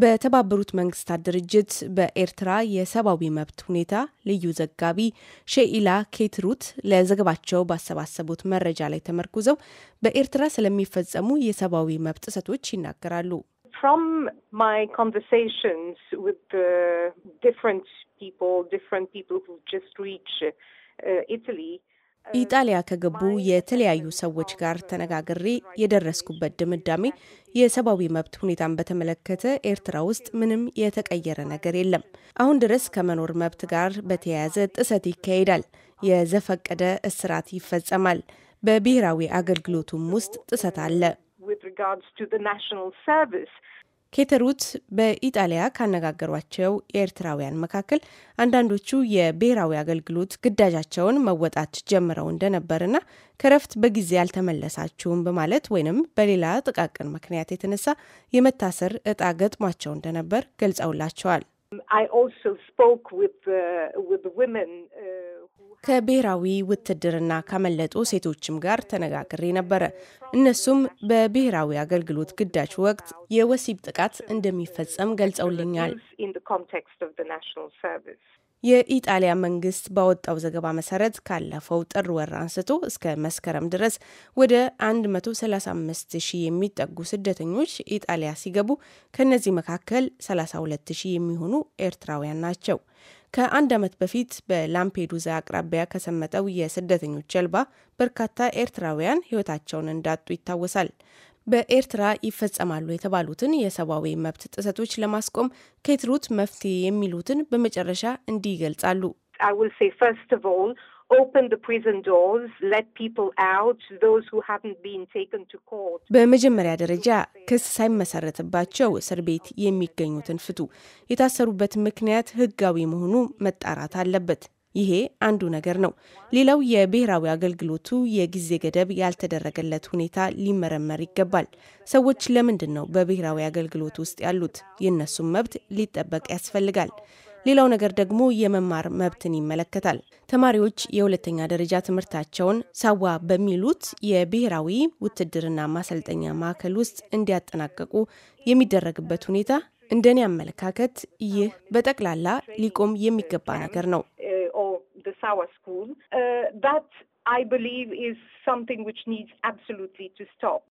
በተባበሩት መንግስታት ድርጅት በኤርትራ የሰብአዊ መብት ሁኔታ ልዩ ዘጋቢ ሼኢላ ኬትሩት ለዘገባቸው ባሰባሰቡት መረጃ ላይ ተመርኩዘው በኤርትራ ስለሚፈጸሙ የሰብአዊ መብት ጥሰቶች ይናገራሉ። ኢጣሊያ ከገቡ የተለያዩ ሰዎች ጋር ተነጋግሬ የደረስኩበት ድምዳሜ የሰብአዊ መብት ሁኔታን በተመለከተ ኤርትራ ውስጥ ምንም የተቀየረ ነገር የለም። አሁን ድረስ ከመኖር መብት ጋር በተያያዘ ጥሰት ይካሄዳል። የዘፈቀደ እስራት ይፈጸማል። በብሔራዊ አገልግሎቱም ውስጥ ጥሰት አለ። ኬተሩት በኢጣሊያ ካነጋገሯቸው ኤርትራውያን መካከል አንዳንዶቹ የብሔራዊ አገልግሎት ግዳጃቸውን መወጣት ጀምረው እንደነበርና ከረፍት በጊዜ አልተመለሳችሁም በማለት ወይንም በሌላ ጥቃቅን ምክንያት የተነሳ የመታሰር እጣ ገጥሟቸው እንደነበር ገልጸውላቸዋል። ከብሔራዊ ውትድርና ካመለጡ ሴቶችም ጋር ተነጋግሬ ነበረ። እነሱም በብሔራዊ አገልግሎት ግዳጅ ወቅት የወሲብ ጥቃት እንደሚፈጸም ገልጸውልኛል። የኢጣሊያ መንግስት ባወጣው ዘገባ መሰረት ካለፈው ጥር ወር አንስቶ እስከ መስከረም ድረስ ወደ 135 ሺህ የሚጠጉ ስደተኞች ኢጣሊያ ሲገቡ ከእነዚህ መካከል 32 ሺህ የሚሆኑ ኤርትራውያን ናቸው። ከአንድ ዓመት በፊት በላምፔዱዛ አቅራቢያ ከሰመጠው የስደተኞች ጀልባ በርካታ ኤርትራውያን ሕይወታቸውን እንዳጡ ይታወሳል። በኤርትራ ይፈጸማሉ የተባሉትን የሰብአዊ መብት ጥሰቶች ለማስቆም ከትሩት መፍትሄ የሚሉትን በመጨረሻ እንዲህ ይገልጻሉ። በመጀመሪያ ደረጃ ክስ ሳይመሰረትባቸው እስር ቤት የሚገኙትን ፍቱ። የታሰሩበት ምክንያት ሕጋዊ መሆኑ መጣራት አለበት። ይሄ አንዱ ነገር ነው። ሌላው የብሔራዊ አገልግሎቱ የጊዜ ገደብ ያልተደረገለት ሁኔታ ሊመረመር ይገባል። ሰዎች ለምንድን ነው በብሔራዊ አገልግሎት ውስጥ ያሉት? የእነሱም መብት ሊጠበቅ ያስፈልጋል። ሌላው ነገር ደግሞ የመማር መብትን ይመለከታል። ተማሪዎች የሁለተኛ ደረጃ ትምህርታቸውን ሳዋ በሚሉት የብሔራዊ ውትድርና ማሰልጠኛ ማዕከል ውስጥ እንዲያጠናቀቁ የሚደረግበት ሁኔታ እንደኔ አመለካከት ይህ በጠቅላላ ሊቆም የሚገባ ነገር ነው። uh,